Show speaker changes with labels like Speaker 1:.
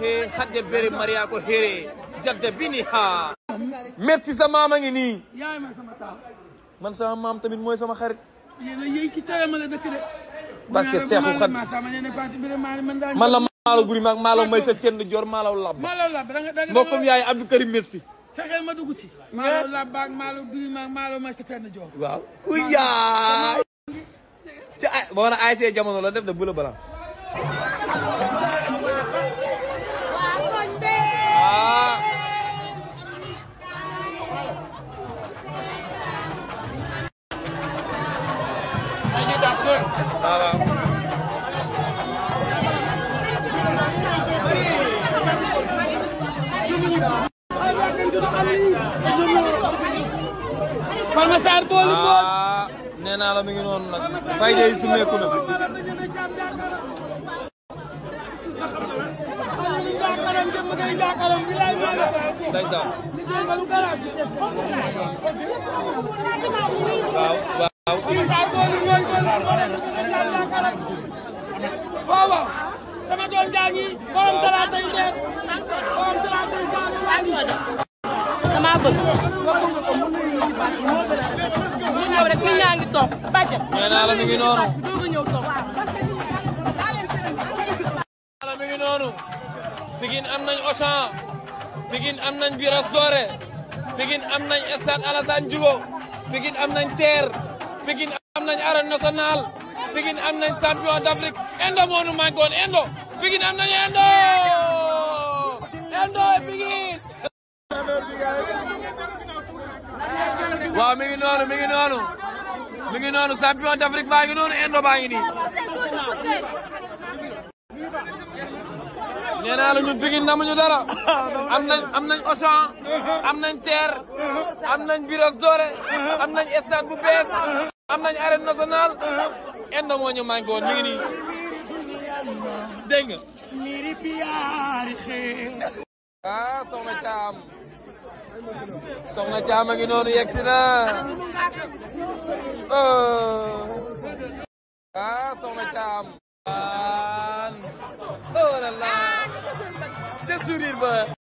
Speaker 1: he hadde bere maria ko here jabde bini ha merci sa maam ngi yaay ma sama man sama mam tamit moy sama xarit Malam malam malam ci tayama la de barke man la guri may sa jor lab yaay Abdou Karim merci ma ci lab ak guri may sa jor waaw ci ay na ay jamono la def de bula waaw waaw. Palma Sarr boolu bool. naa la mi ngi noonu nag fay day sumeeku na. ndeysaan waaw waaw màggal gaa ngi borom talaata yi dee borom talaata yi gaa ngi laaj dama bëgg ñu ñëw rek nit ñaa ngi toog bàjjal nee naa la mi ngi noonu dooga ñëw toog la mi ngi noonu Pikine am nañ Auchan Pikine am nañ Bira Sore Pikine am nañ stade Alassane Djigo Pikine am nañ terre Pikine am nañ arène nationale Pikine am nañ champion d'Afrique indo moo nu manqué woon indo Pikine am nañu Endo Endo Pikine waaw mi ngi noonu mi ngi noonu mi ngi noonu champion d'Afrique baa ngi noonu Endo baa ngi nii nee naa la ñun Pikine namuñu dara am nañ am nañ Auchan am nañ TER am nañ Biras Doré am nañ stade bu bees am nañ arène nationale Endo moo ñu manqué woon mi ngi nii dégg nga. miri biyaari xëy. ah soxna Thiam soxna Thiam a ngi noonu yegg si na. Oh. ah soxna Thiam. oh là là. c'est sourire